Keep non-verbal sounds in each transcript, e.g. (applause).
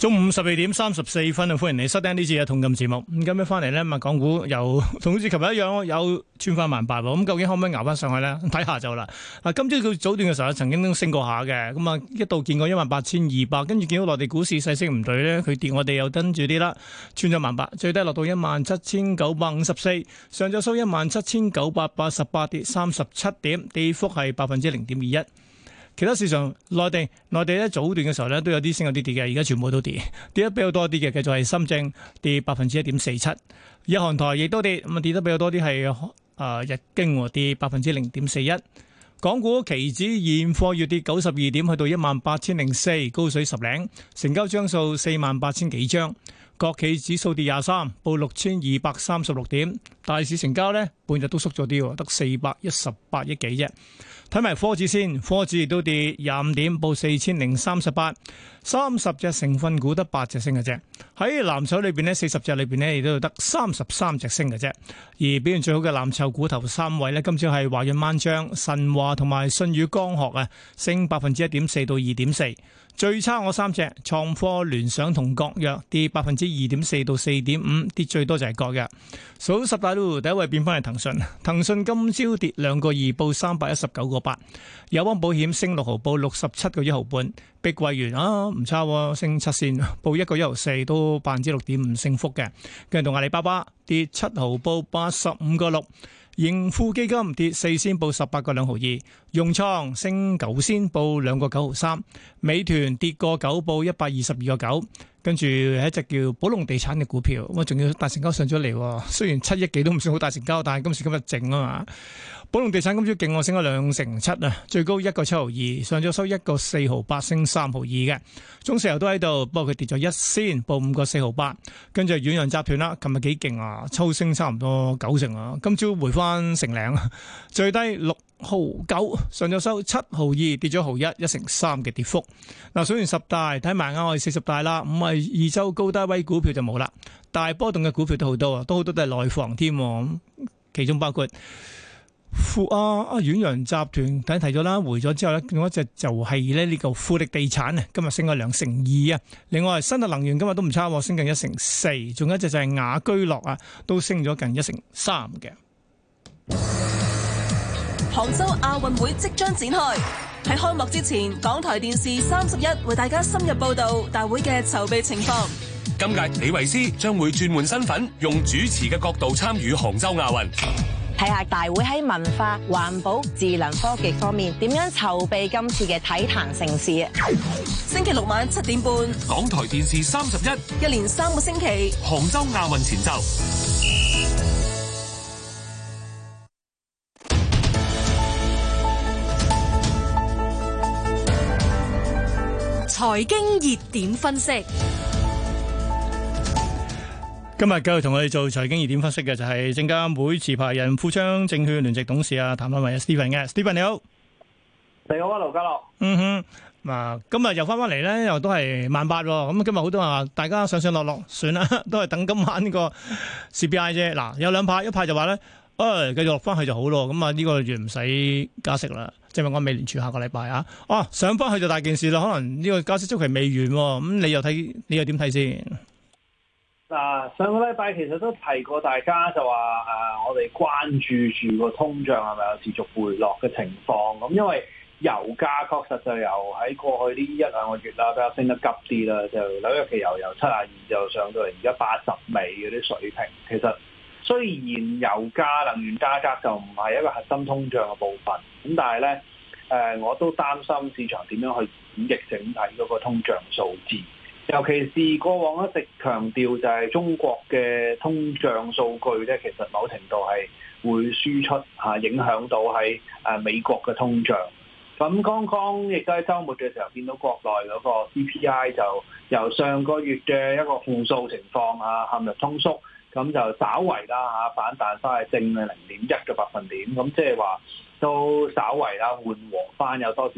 中午十二點三十四分啊，歡迎你收聽呢次嘅《同感節目》。咁今日翻嚟呢，咁港股又同好似琴日一樣有穿翻萬八喎。咁究竟可唔可以捱翻上去呢？睇下就啦。啊，今朝早，早段嘅時候曾經都升過下嘅，咁啊一度見過一萬八千二百，跟住見到內地股市勢色唔對呢，佢跌，我哋又跟住啲啦，穿咗萬八，最低落到一萬七千九百五十四，上晝收一萬七千九百八十八，跌三十七點，跌幅係百分之零點二一。其他市場內地內地咧早段嘅時候咧都有啲升有啲跌嘅，而家全部都跌，跌，就是，跌，跌，跌得比較多啲嘅。其實係深證跌百分之一點四七，日韓台亦都跌，咁啊跌得比較多啲係誒日經跌百分之零點四一，港股期指現貨月跌九十二點，去到一萬八千零四，高水十零，成交張數四萬八千幾張。國企指數跌廿三，報六千二百三十六點。大市成交呢，半日都縮咗啲，得四百一十八億幾啫。睇埋科指先，科指亦都跌廿五點，報四千零三十八。三十隻成分股得八隻升嘅啫。喺藍籌裏邊呢，四十隻裏邊呢亦都得三十三隻升嘅啫。而表現最好嘅藍籌股頭三位呢，今朝係華潤萬象、神華同埋舜宇光學啊，升百分之一點四到二點四。最差我三隻創科、聯想同國藥跌百分之二點四到四點五，跌最多就係國藥。數十大都，第一位變翻係騰訊。騰訊今朝跌兩個二，報三百一十九個八。友邦保險升六毫，報六十七個一毫半。碧桂園啊，唔差喎，升七線，報一個一毫四，都百分之六點五升幅嘅。跟住同阿里巴巴跌七毫報，報八十五個六。盈富基金跌四仙報十八個兩毫二，融創升九仙報兩個九毫三，美團跌個九報一百二十二個九。跟住一隻叫寶龍地產嘅股票，咁啊，仲要大成交上咗嚟。雖然七億幾都唔算好大成交，但係今時今日淨啊嘛。寶龍地產今朝勁，我升咗兩成七啊，最高一個七毫二，上咗收一個四毫八，升三毫二嘅。中石油都喺度，不過佢跌咗一仙，報五個四毫八。跟住遠洋集團啦，琴日幾勁啊，抽升差唔多九成啊，今朝回返成兩，最低六。毫九，上咗收七毫二，跌咗毫一，一成三嘅跌幅。嗱，數完十大，睇埋啱我係四十大啦，五十二周高低位股票就冇啦。大波動嘅股票都好多啊，都好多都係內房添，其中包括富啊啊遠洋集團，睇睇咗啦，回咗之後呢，仲有一隻就係咧呢個富力地產啊，今日升咗兩成二啊。另外，新特能源今日都唔差喎，升近一成四。仲有一隻就係雅居樂啊，都升咗近一成三嘅。杭州亞運會即將展開，喺開幕之前，港台電視三十一為大家深入報道大會嘅籌備情況。今屆李維斯將會轉換身份，用主持嘅角度參與杭州亞運。睇下大會喺文化、環保、智能科技方面點樣籌備今次嘅體壇盛事。星期六晚七點半，港台電視三十一，一連三個星期，杭州亞運前奏。財經熱點分析，今日繼續同我哋做財經熱點分析嘅就係證監會持牌人富昌證券聯席董事啊，譚朗蔚 Stephen 嘅 Stephen 你好，你好啊盧家樂，嗯哼，嗱今日又翻翻嚟咧，又都係萬八，咁今日好多話大家上上落落，算啦，都係等今晚呢個 CPI 啫，嗱，有兩派，一派就話咧。誒、哎，繼續落翻去就好咯。咁啊，呢個月唔使加息啦。即係我，美聯儲下個禮拜啊，哦，上翻去就大件事啦。可能呢個加息周期未完，咁你又睇，你又點睇先？嗱、啊，上個禮拜其實都提過，大家就話誒、啊，我哋關注住個通脹係咪有持續回落嘅情況？咁、嗯、因為油價確實就由喺過去呢一兩個月啦，比較升得急啲啦，就紐約期油由七呀二就上到嚟而家八十尾嗰啲水平，其實。雖然油價、能源價格就唔係一個核心通脹嘅部分，咁但係咧，誒我都擔心市場點樣去演繹整體嗰個通脹數字，尤其是過往一直強調就係中國嘅通脹數據咧，其實某程度係會輸出嚇影響到喺誒美國嘅通脹。咁剛剛亦都喺週末嘅時候見到國內嗰個 CPI 就由上個月嘅一個負數情況啊，陷入通縮，咁就稍為啦嚇反彈翻係正嘅零點一嘅百分點，咁即係話都稍為啦緩和翻有多少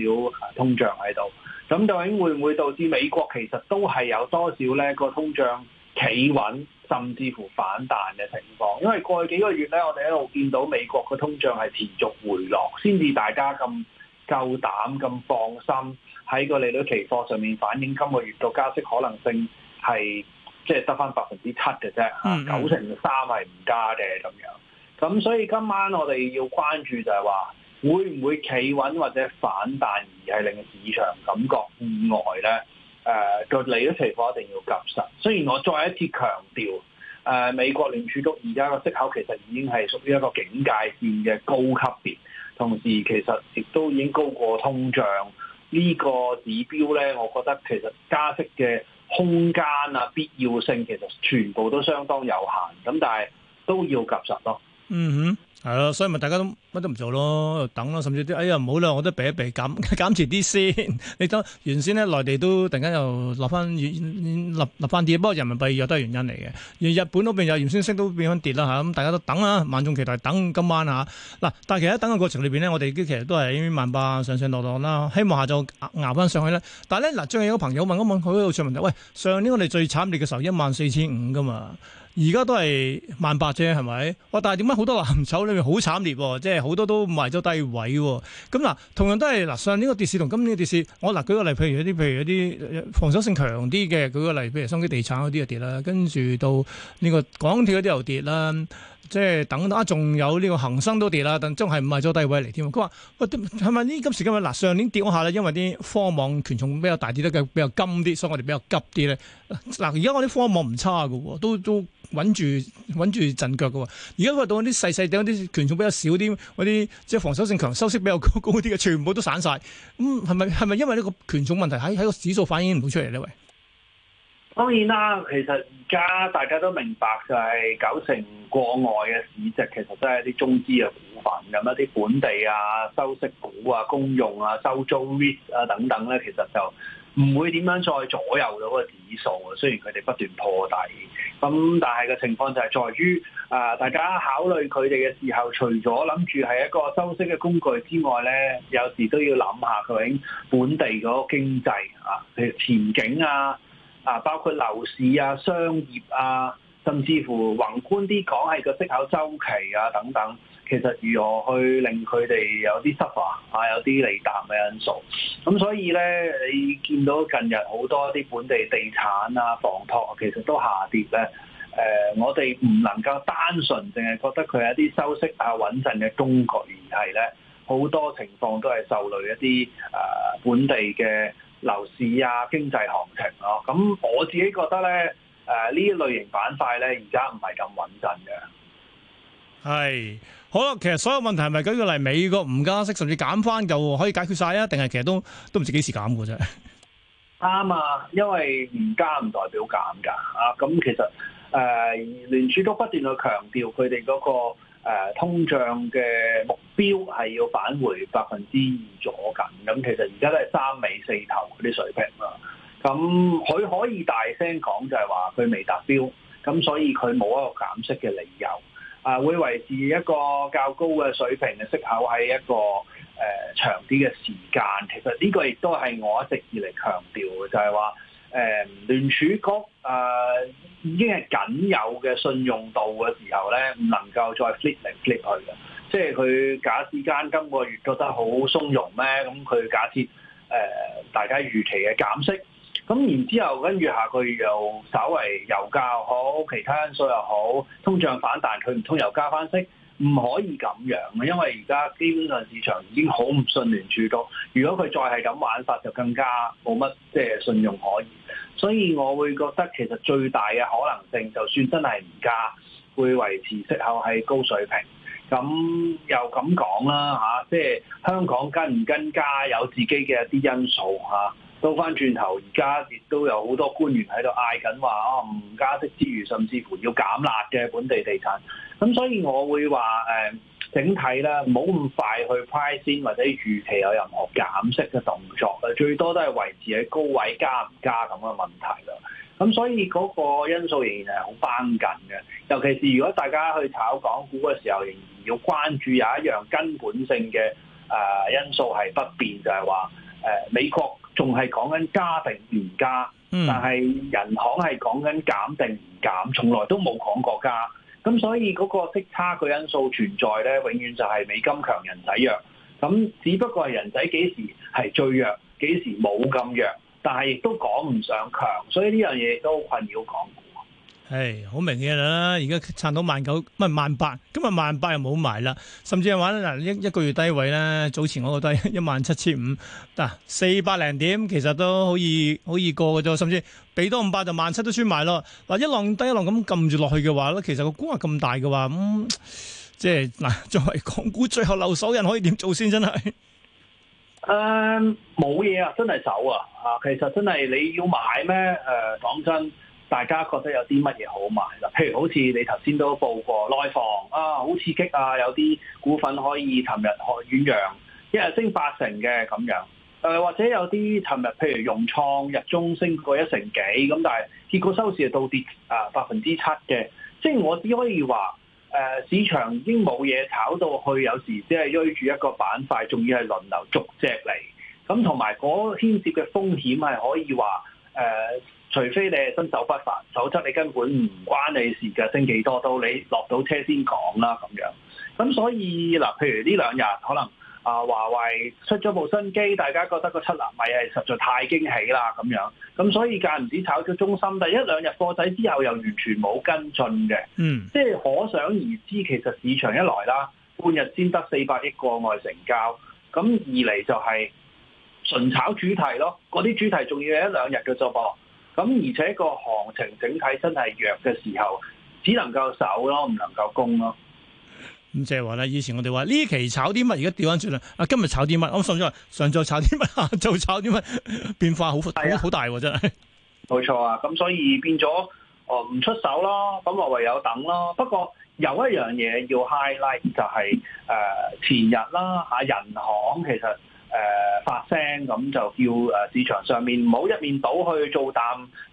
通脹喺度。咁究竟會唔會導致美國其實都係有多少咧個通脹企穩，甚至乎反彈嘅情況？因為過去幾個月咧，我哋一路見到美國嘅通脹係持續回落，先至大家咁。夠膽咁放心喺個利率期貨上面反映今個月度加息可能性係即係得返百分之七嘅啫，mm hmm. 九成三係唔加嘅咁樣。咁所以今晚我哋要關注就係話會唔會企穩或者反彈而係令市場感覺意外咧？誒、呃、個利率期貨一定要及實。雖然我再一次強調誒美國聯儲局而家個息口其實已經係屬於一個警戒線嘅高級別。同時，其實亦都已經高過通脹呢個指標咧，我覺得其實加息嘅空間啊、必要性其實全部都相當有限。咁但係都要及實咯。嗯哼。係咯，所以咪大家都乜都唔做咯，等咯，甚至啲哎呀唔好啦，我都避一避，減減遲啲先。你睇，原先咧，內地都突然間又落翻，跌落翻跌，不過人民幣又都係原因嚟嘅。而日本嗰邊又原先升都變翻跌啦嚇，咁大家都等啦，萬眾期待等今晚啊。嗱，但係其實等嘅過程裏邊呢，我哋其實都係萬八上上落落啦，希望下晝熬巖翻上去啦。但係咧嗱，最近有個朋友問我問，佢喺度上問就，喂，上年我哋最慘烈嘅時候一萬四千五㗎嘛？而家都係萬八啫，係咪？哇！但係點解好多藍籌裡面好慘烈、啊，即係好多都賣咗低位喎、啊。咁、嗯、嗱，同樣都係嗱，上年個跌市同今年個跌市，我嗱舉個例，譬如一啲譬如一啲防守性強啲嘅，舉個例，譬如新機地產嗰啲就跌啦、啊，跟住到呢個港鐵嗰啲又跌啦、啊。即係等啊！仲有呢個恒生都跌啦，但真係唔係咗低位嚟添。佢話：喂、啊，係咪呢？今時今日嗱、啊，上年跌嗰下咧，因為啲科網權重比較大啲咧，嘅比較金啲，所以我哋比較急啲咧。嗱、啊，而、啊、家我啲科網唔差嘅，都都穩住穩住陣腳嘅。而家發到啲細細啲、啲權重比較少啲、嗰啲即係防守性強、收息比較高高啲嘅，全部都散晒。咁係咪係咪因為呢個權重問題喺喺個指數反映唔到出嚟呢？喂！當然啦，其實而家大家都明白，就係九成國外嘅市值其實都係一啲中資嘅股份，咁一啲本地啊、收息股啊、公用啊、收租率啊等等咧，其實就唔會點樣再左右到個指數。雖然佢哋不斷破底，咁但係個情況就係在於啊、呃，大家考慮佢哋嘅時候，除咗諗住係一個收息嘅工具之外咧，有時都要諗下究竟本地個經濟啊，譬如前景啊。啊，包括樓市啊、商業啊，甚至乎宏觀啲講係個息口周期啊等等，其實如何去令佢哋有啲 s u 啊，有啲利淡嘅因素。咁所以咧，你見到近日好多啲本地地產啊、房託其實都下跌咧。誒、呃，我哋唔能夠單純淨係覺得佢係一啲收息啊，穩陣嘅中國聯係咧，好多情況都係受累一啲誒、呃、本地嘅。樓市啊，經濟行情咯、啊，咁我自己覺得咧，誒、呃、呢類型板塊咧，而家唔係咁穩陣嘅。係，好啦，其實所有問題係咪舉個例，美國唔加息甚至減翻就可以解決晒啊？定係其實都都唔知幾時減嘅啫。啱啊，因為唔加唔代表減㗎啊，咁其實誒、呃、聯儲都不斷去強調佢哋嗰個。誒通脹嘅目標係要返回百分之二左近，咁其實而家都係三尾四頭嗰啲水平啦。咁佢可以大聲講就係話佢未達標，咁所以佢冇一個減息嘅理由，啊，會維持一個較高嘅水平嘅息口喺一個誒、呃、長啲嘅時間。其實呢個亦都係我一直以嚟強調嘅，就係話。誒聯儲局誒、呃、已經係僅有嘅信用度嘅時候咧，唔能夠再 flip 嚟 flip 去嘅，即係佢假設間今個月覺得好鬆容咩？咁、嗯、佢假設誒、呃、大家預期嘅減息，咁、嗯、然之後跟住下個月又稍為油價又好，其他因素又好，通脹反彈，佢唔通又加翻息？唔可以咁樣嘅，因為而家基本上市場已經好唔信聯儲局，如果佢再係咁玩法，就更加冇乜即係信用可以。所以我會覺得其實最大嘅可能性，就算真係唔加，會維持息口係高水平。咁又咁講啦嚇，即係香港跟唔跟加有自己嘅一啲因素嚇。到翻轉頭，而家亦都有好多官員喺度嗌緊話啊，唔加息之餘，甚至乎要減辣嘅本地地產。咁所以我會話誒。呃整體咧，唔好咁快去 price in 或者預期有任何減息嘅動作，誒最多都係維持喺高位加唔加咁嘅問題啦。咁所以嗰個因素仍然係好扳緊嘅。尤其是如果大家去炒港股嘅時候，仍然要關注有一樣根本性嘅誒、呃、因素係不變，就係話誒美國仲係講緊加定唔加，但係人行係講緊減定唔減，從來都冇講過加。咁所以嗰個息差嘅因素存在咧，永遠就係美金強人仔弱。咁只不過係人仔幾時係最弱，幾時冇咁弱，但係亦都講唔上強。所以呢樣嘢都困擾港股。係好、哎、明顯啦，而家撐到萬九，唔係萬八，咁啊萬八又冇埋啦。甚至係話嗱，一一個月低位咧，早前嗰個低位一萬七千五嗱，四百零點其實都可以可以過嘅啫。甚至俾多五百就萬七都穿埋咯。嗱，一浪低一浪咁撳住落去嘅話咧，其實個估啊咁大嘅話，咁、嗯、即係嗱，作為港股最後留守人可以點做先？真係誒冇嘢啊，真係走啊啊！其實真係你要買咩？誒講真。大家覺得有啲乜嘢好買啦？譬如好似你頭先都報過內房啊，好刺激啊！有啲股份可以尋日學遠洋一日升八成嘅咁樣。誒、呃、或者有啲尋日譬如融創日中升過一成幾，咁但係結果收市係倒跌啊百分之七嘅。即係我只可以話誒、呃，市場已經冇嘢炒到去，有時只係追住一個板塊，仲要係輪流逐隻嚟。咁同埋嗰牽涉嘅風險係可以話誒。呃除非你係新手不凡，否則你根本唔關你事嘅。升幾多都，你落到車先講啦咁樣。咁所以嗱，譬如呢兩日可能啊，華為出咗部新機，大家覺得個七納米係實在太驚喜啦咁樣。咁所以間唔止炒咗中心，但一兩日貨仔之後又完全冇跟進嘅。嗯，即係可想而知，其實市場一來啦，半日先得四百億個外成交。咁二嚟就係純炒主題咯，嗰啲主題仲要有一兩日嘅啫噃。咁而且個行情整體真係弱嘅時候，只能夠守咯，唔能夠攻咯。咁即係話咧，以前我哋話呢期炒啲乜，而家調翻轉啦。啊，今日炒啲乜，我上咗話上晝炒啲乜，下晝炒啲乜，變化好大好，好，好大，啊，真係。冇錯啊，咁所以變咗哦，唔、呃、出手咯，咁我唯有等咯。不過有一樣嘢要 highlight 就係、是、誒、呃、前日啦吓，人行其實。誒、呃、發聲咁就叫誒，市場上面唔好一面倒去做淡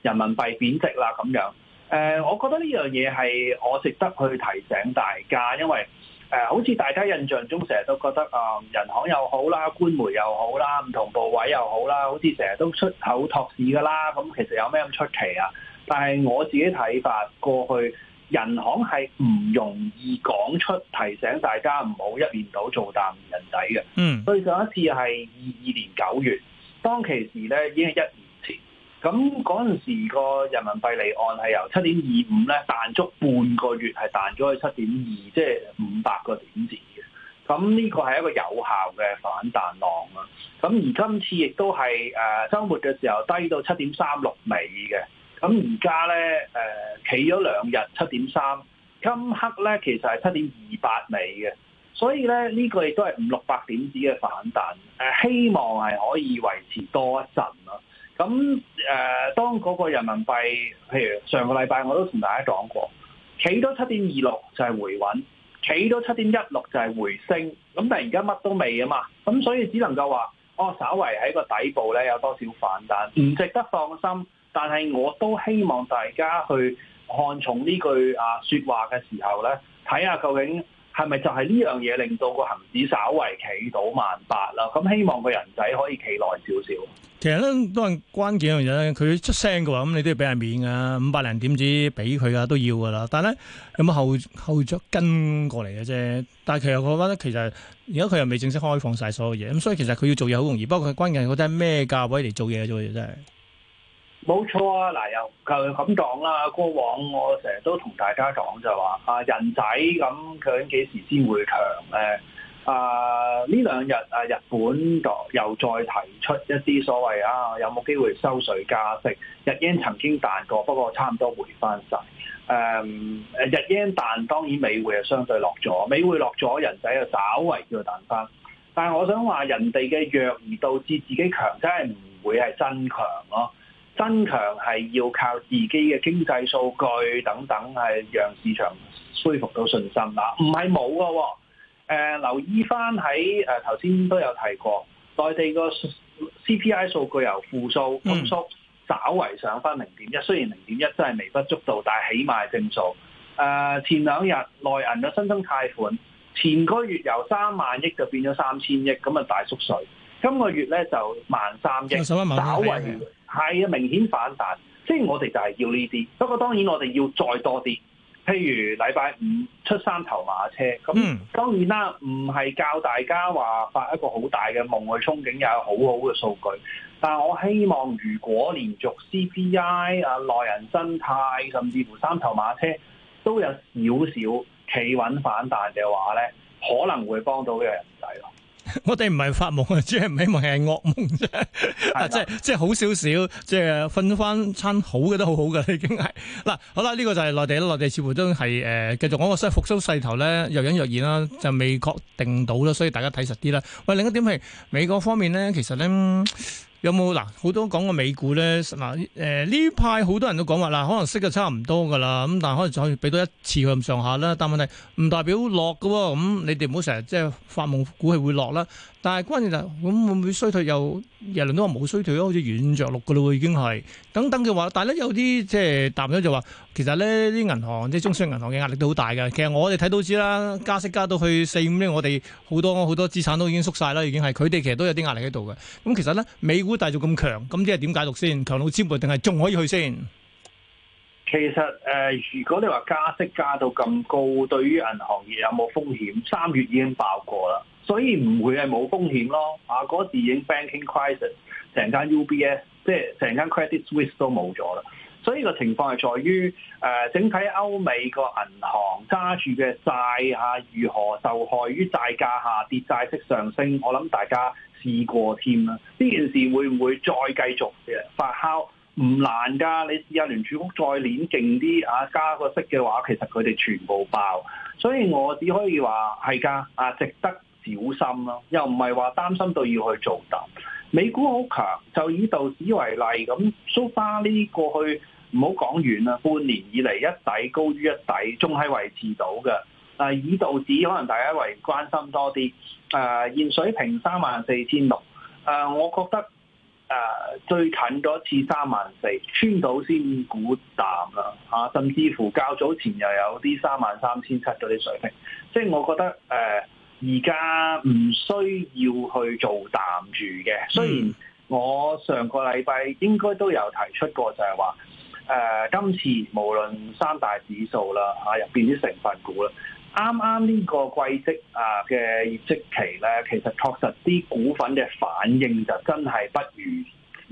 人民幣貶值啦咁樣。誒、呃，我覺得呢樣嘢係我值得去提醒大家，因為誒、呃、好似大家印象中成日都覺得啊、呃、人行又好啦，官媒又好啦，唔同部委又好啦，好似成日都出口托市噶啦，咁其實有咩咁出奇啊？但係我自己睇法，過去。人行係唔容易講出提醒大家唔好一年到做淡人仔嘅。嗯，所以上一次係二二年九月，當其時咧已經係一年前，咁嗰陣時個人民幣離岸係由七點二五咧彈足半個月，係彈咗去七點二，即係五百個點子嘅。咁呢個係一個有效嘅反彈浪啦。咁而今次亦都係誒週末嘅時候低到七點三六美嘅。咁而家咧，誒企咗兩日七點三，3，今刻咧其實係七點二八尾嘅，所以咧呢、呢個亦都係五六百點子嘅反彈，誒、呃、希望係可以維持多一陣咯。咁、啊、誒、呃，當嗰個人民幣，譬如上個禮拜我都同大家講過，企到七點二六就係回穩，企到七點一六就係回升。咁但係而家乜都未啊嘛，咁所以只能夠話，哦，稍為喺個底部咧有多少反彈，唔值得放心。但係我都希望大家去看重呢句啊說話嘅時候咧，睇下究竟係咪就係呢樣嘢令到個恒指稍為企到萬八啦。咁、嗯、希望個人仔可以企耐少少。其實咧都係關鍵一樣嘢，佢出聲嘅話，咁你都要俾人面噶，五百零點子俾佢啊，都要噶啦。但係咧有冇後後續跟過嚟嘅啫？但係其實我覺得其實而家佢又未正式開放晒所有嘢，咁所以其實佢要做嘢好容易。不過佢關鍵係覺得咩價位嚟做嘢做嘢真係。冇錯啊！嗱，又就咁講啦。過往我成日都同大家講就話啊，人仔咁、嗯、究竟幾時先會強咧？啊，呢兩日啊，日本又再提出一啲所謂啊，有冇機會收水加息？日元曾經彈過，不過差唔多回翻曬。誒、啊，日元彈當然美匯啊，相對落咗，美匯落咗，人仔啊稍為叫做彈翻。但係我想話，人哋嘅弱而導致自己強，真係唔會係真強咯、啊。增強係要靠自己嘅經濟數據等等，係讓市場恢復到信心啦。唔係冇㗎，誒、呃、留意翻喺誒頭先都有提過，內地個 CPI 數據由負數復蘇，稍為上翻零點一，雖然零點一真係微不足道，但係起碼係正數。誒、呃、前兩日內銀嘅新增貸款前個月由三萬億就變咗三千億，咁啊大縮水。今個月咧就萬三嘅，稍微係啊明顯反彈，的即係我哋就係要呢啲。不過當然我哋要再多啲，譬如禮拜五出三頭馬車，咁當然啦，唔係教大家話發一個好大嘅夢去憧憬，去憧憬去有好好嘅數據。但係我希望，如果連續 CPI 啊內人生態，甚至乎三頭馬車都有少少企穩反彈嘅話咧，可能會幫到呢個人仔。 (music) 我哋唔係發夢啊，只係唔希望係噩夢啫，啊的，即係即係好少少，即係瞓翻餐好嘅都好 (laughs) (laughs) 好噶，已經係嗱，好啦，呢個就係內地啦，內地似乎都係誒、呃、繼續講個所謂復甦勢頭咧，若隱若現啦，就未確定到啦，所以大家睇實啲啦。喂，另一點係美國方面咧，其實咧。有冇嗱？好多講過美股咧，嗱，誒呢派好多人都講話啦，可能識嘅差唔多噶啦，咁但係可能就可以俾多一次咁上下啦。但係問題唔代表落噶，咁、啊嗯、你哋唔好成日即係發夢股係會落啦。啊但係關鍵就咁會唔會衰退？又人哋都話冇衰退咯，好似軟着陸噶咯，已經係等等嘅話。但係咧有啲即係談咗就話、是，其實咧啲銀行即係中小銀行嘅壓力都好大嘅。其實我哋睇都知啦，加息加到去四五呢，我哋好多好多資產都已經縮晒啦，已經係佢哋其實都有啲壓力喺度嘅。咁其實咧美股繼續咁強，咁即係點解讀先？強到超撥定係仲可以去先？其實誒、呃，如果你話加息加到咁高，對於銀行業有冇風險？三月已經爆過啦。所以唔會係冇風險咯，啊嗰時已經 Banking Crisis，成間 UBS，即係成間 Credit Suisse 都冇咗啦。所以個情況係在於，誒、呃、整體歐美個銀行揸住嘅債嚇、啊，如何受害於債價下跌、債息上升？我諗大家試過添啦，呢件事會唔會再繼續發酵？唔難㗎，你試下聯儲局再攣勁啲啊，加個息嘅話，其實佢哋全部爆。所以我只可以話係㗎，啊，值得。小心咯，又唔係話擔心到要去做淡。美股好強，就以道指為例咁，so far 呢，過去唔好講遠啦，半年以嚟一底高於一底，中喺維持到嘅。誒、呃，以道指可能大家為關心多啲。誒、呃，現水平三萬四千六。誒，我覺得誒、呃、最近嗰次三萬四，穿到先沽淡啦。啊，甚至乎較早前又有啲三萬三千七嗰啲水平，即係我覺得誒。呃而家唔需要去做淡住嘅，雖然我上個禮拜應該都有提出過就，就係話誒今次無論三大指數啦嚇入邊啲成分股啦，啱啱呢個季績啊嘅業績期咧，其實確實啲股份嘅反應就真係不如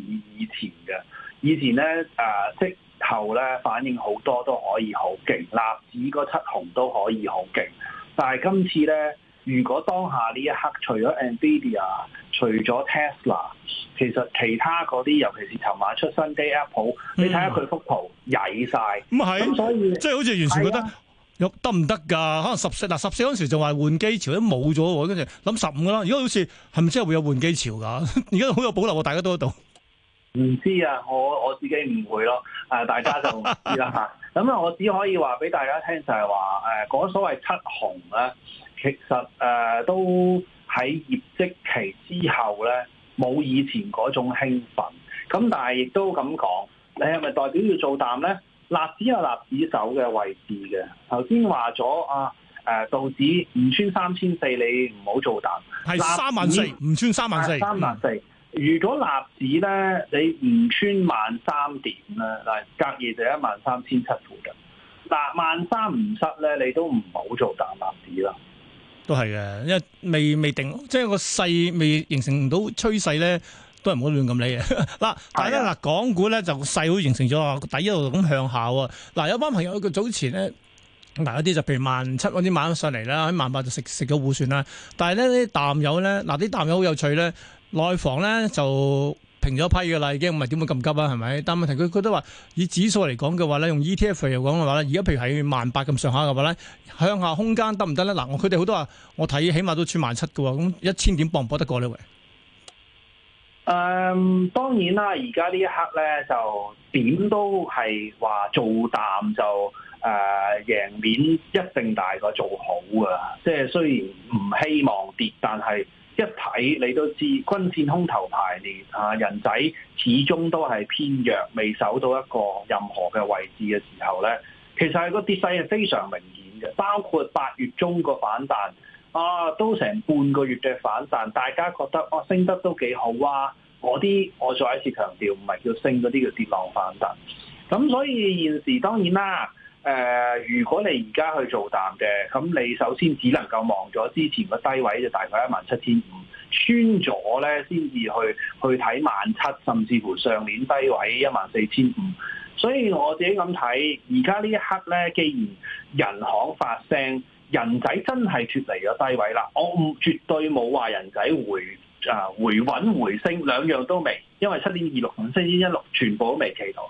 以前嘅。以前咧誒、啊、即後咧反應好多都可以好勁，納指嗰七紅都可以好勁，但係今次咧。如果當下呢一刻，除咗 NVIDIA，除咗 Tesla，其實其他嗰啲，尤其是尋晚出新機 Apple，你睇下佢幅圖曳晒。咁係，嗯、所以即係好似完全覺得有得唔得㗎？可能十四嗱十四嗰時就話換機潮都冇咗，跟住諗十五啦。如果好似係咪真係會有換機潮㗎？而家好有保留喎，大家都喺度。唔知啊，我我自己唔會咯。誒，大家就知啦。咁啊，我只可以話俾大家聽就係話誒，嗰、呃、所謂七紅咧。其實誒都喺業績期之後咧，冇以前嗰種興奮。咁但係亦都咁講，你係咪代表要做淡咧？納指有納指走嘅位置嘅。頭先話咗啊，誒道指唔穿三千四，你唔好做淡。係三萬四，唔穿三萬四。三萬四。如果納指咧，你唔穿萬三點啦，隔夜就一萬三千七附近。嗱，萬三唔失咧，你都唔好做淡納指啦。都係嘅，因為未未定，即係個勢未形成到趨勢咧，都唔好亂咁理 (laughs) 呢、哎、呀啊！嗱，但係咧嗱，港股咧就勢會形成咗啊，個底一路咁向下喎。嗱，有班朋友佢早前咧，嗱、啊、有啲就譬如萬七嗰啲買咗上嚟啦，喺萬八就食食個護算啦。但係咧啲淡友咧，嗱、啊、啲淡友好有趣咧，內房咧就。停咗批嘅啦，已經唔係點會咁急啊？係咪？但問題佢都話以指數嚟講嘅話咧，用 E T F 嚟講嘅話咧，而家譬如喺萬八咁上下嘅話咧，向下空間得唔得咧？嗱，我佢哋好多話，我睇起碼都穿萬七嘅喎，咁一千點搏唔搏得過呢？喂，誒，當然啦，而家呢一刻咧，就點都係話做淡就誒、呃、贏面一定大過做好嘅，即係雖然唔希望跌，但係。一睇你都知，均線空頭排列啊，人仔始終都係偏弱，未守到一個任何嘅位置嘅時候咧，其實係個跌勢係非常明顯嘅。包括八月中個反彈啊，都成半個月嘅反彈，大家覺得哦、啊、升得都幾好啊！嗰啲我再一次強調，唔係叫升嗰啲叫跌浪反彈。咁所以現時當然啦、啊。誒、呃，如果你而家去做淡嘅，咁你首先只能夠望咗之前個低位就大概一萬七千五，穿咗咧先至去去睇萬七，甚至乎上年低位一萬四千五。所以我自己咁睇，而家呢一刻咧，既然人行發聲，人仔真係脫離咗低位啦，我絕對冇話人仔回啊、呃、回穩回升兩樣都未，因為七點二六同七點一六全部都未企到。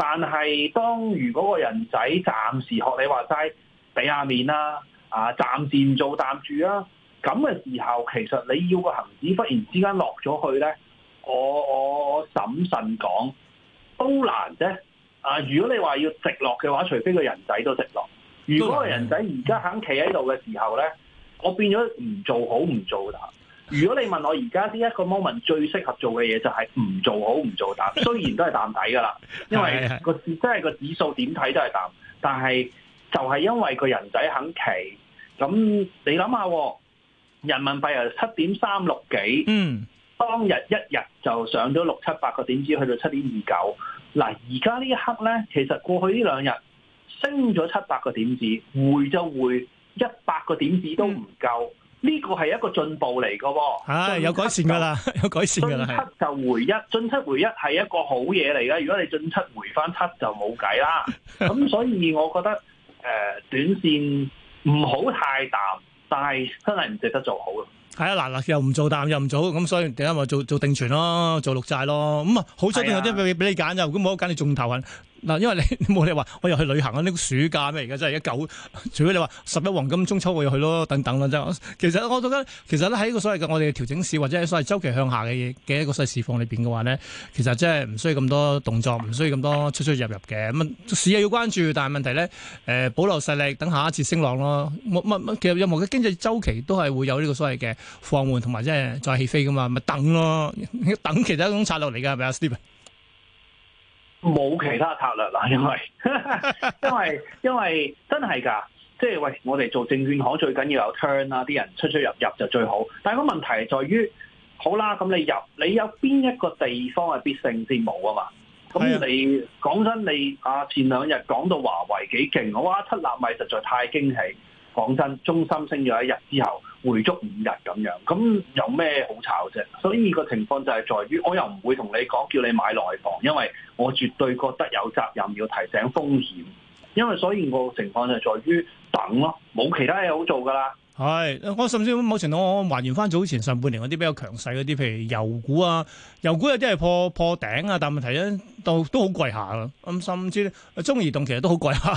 但係，當如果個人仔暫時學你話齋俾下面啦，啊，暫時唔做擔住啦，咁、啊、嘅時候，其實你要個恆指忽然之間落咗去咧，我我，我審慎講都難啫。啊，如果你話要直落嘅話，除非個人仔都直落。如果個人仔而家肯企喺度嘅時候咧，我變咗唔做好唔做啦。如果你問我而家呢一個 moment 最適合做嘅嘢就係唔做好唔做淡，雖然都係淡底㗎啦，因為個真係個指數點睇都係淡，但係就係因為個人仔肯企，咁你諗下，人民幣由七點三六幾，嗯， (noise) 當日一日就上咗六七百個點子，去到七點二九。嗱，而家呢一刻咧，其實過去呢兩日升咗七百個點子，回就回一百個點子都唔夠。 (noise) 呢個係一個進步嚟嘅喎，唉，有改善㗎啦，有改善㗎啦。進七就回一，進七回一係一個好嘢嚟嘅。如果你進七回翻七就冇計啦。咁所以我覺得誒短線唔好太淡，但係真係唔值得做好咯。係啊，嗱嗱又唔做淡又唔做，咁所以陣間咪做做定存咯，做綠債咯。咁啊，好彩都有啲俾俾你揀啫。如果冇得揀，你仲頭暈。嗱，因為你冇理話，我又去旅行啊！呢個暑假咩而家真係一九。除非你話十一黃金中秋我又去咯，等等啦，真。其實我覺得，其實咧喺個所謂嘅我哋調整市或者所謂週期向下嘅嘅一個細市況裏邊嘅話咧，其實真係唔需要咁多動作，唔需要咁多出出入入嘅。咁啊，市啊要關注，但係問題咧，誒、呃、保留勢力等下一次升浪咯。冇冇其實任何嘅經濟周期都係會有呢個所謂嘅放緩同埋即係再起飛噶嘛，咪等咯，等其他一種策略嚟嘅，係咪啊 Stephen？冇其他策略啦，因為 (laughs) 因為因為真係㗎，即係喂，我哋做證券行最緊要有 turn 啦，啲人出出入入就最好。但係個問題在於，好啦，咁你入，你有邊一個地方係必勝先冇啊嘛？咁你講 (laughs) 真，你啊前兩日講到華為幾勁，哇七納米實在太驚喜！講真，中芯升咗一日之後。回足五日咁樣，咁有咩好炒啫？所以個情況就係在於，我又唔會同你講叫你買內房，因為我絕對覺得有責任要提醒風險。因為所以我個情況就係在於等咯，冇其他嘢好做噶啦。係，我甚至某程度我還原翻早前上半年嗰啲比較強勢嗰啲，譬如油股啊，油股有啲係破破頂啊，但問題咧，都都好貴下啊。咁甚至咧，中移動其實都好貴下。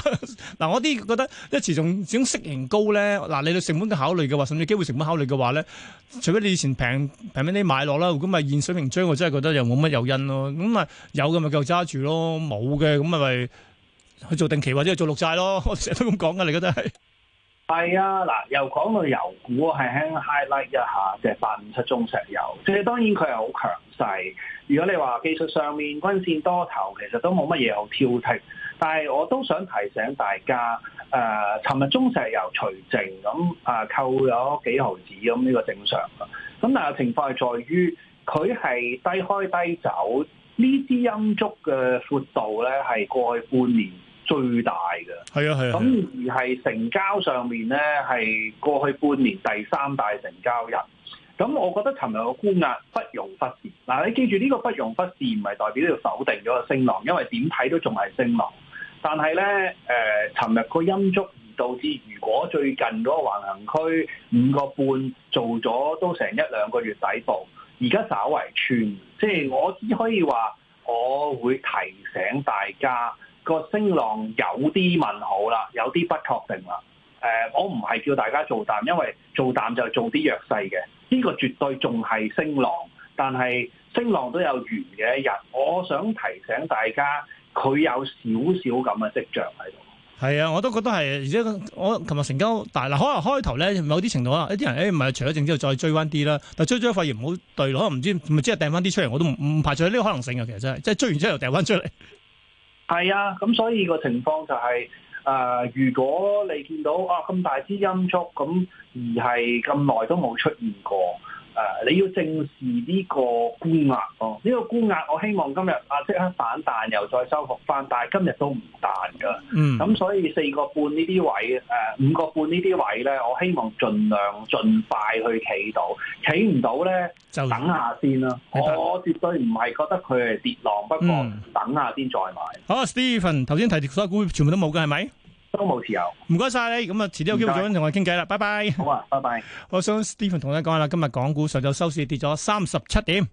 嗱， (laughs) 我啲覺得一始仲整息盈高咧，嗱，你對成本嘅考慮嘅話，甚至機會成本考慮嘅話咧，除非你以前平平畀你買落啦，如果咪現水平追，我真係覺得又冇乜誘因咯。咁咪有嘅咪夠揸住咯，冇嘅咁咪咪去做定期或者做綠債咯。我成日都咁講嘅，你覺得係？係啊，嗱，又講到油股，係輕 highlight 一下，即係八五七中石油。即係當然佢係好強勢。如果你話技術上面均線多頭，其實都冇乜嘢好挑剔。但係我都想提醒大家，誒、呃，尋日中石油除淨咁啊，扣咗幾毫子咁，呢、嗯呢個正常噶。咁但係情況係在於，佢係低開低走，呢支陰燭嘅闊度咧，係過去半年。最大嘅，係啊係啊，咁、啊啊、而係成交上面咧，係過去半年第三大成交日。咁我覺得尋日個沽壓不容忽視。嗱、啊，你記住呢個不容忽視唔係代表呢度否定咗升浪，因為點睇都仲係升浪。但係咧，誒、呃，尋日個陰燭而導致，如果最近嗰個橫行區五個半做咗都成一兩個月底部，而家稍為穿，即係我只可以話，我會提醒大家。個升浪有啲問號啦，有啲不確定啦。誒、呃，我唔係叫大家做淡，因為做淡就做啲弱勢嘅。呢、這個絕對仲係升浪，但係升浪都有完嘅一日。我想提醒大家，佢有少少咁嘅跡象喺度。係啊，我都覺得係。而且我琴日成交大啦，可能開頭咧某啲程度啦，一、哎、啲人誒唔係除咗證之後再追翻啲啦。但追咗發現唔好對攞，唔知咪即係掟翻啲出嚟，我都唔排除呢個可能性啊。其實真係，即係追完之後又掟翻出嚟。係啊，咁所以個情況就係、是，誒、呃，如果你見到啊咁大支陰燭咁而係咁耐都冇出現過。誒，你要正視呢個沽壓咯，呢、哦這個沽壓，我希望今日啊即刻反彈，又再收復返，但係，今日都唔彈噶。嗯，咁所以四個半呢啲位，誒、呃、五個半呢啲位咧，我希望儘量盡快去企到，企唔到咧就像等下先啦、啊。白我絕對唔係覺得佢係跌浪，不過等下先再買。嗯、好，Stephen 頭先提跌嗰啲股全部都冇㗎，係咪？都冇持有。唔該晒你，咁啊，遲啲有機會早跟同我傾偈啦。謝謝，拜拜。好啊，拜拜。我想 Steven 同你講下啦，今日港股上晝收市跌咗三十七點。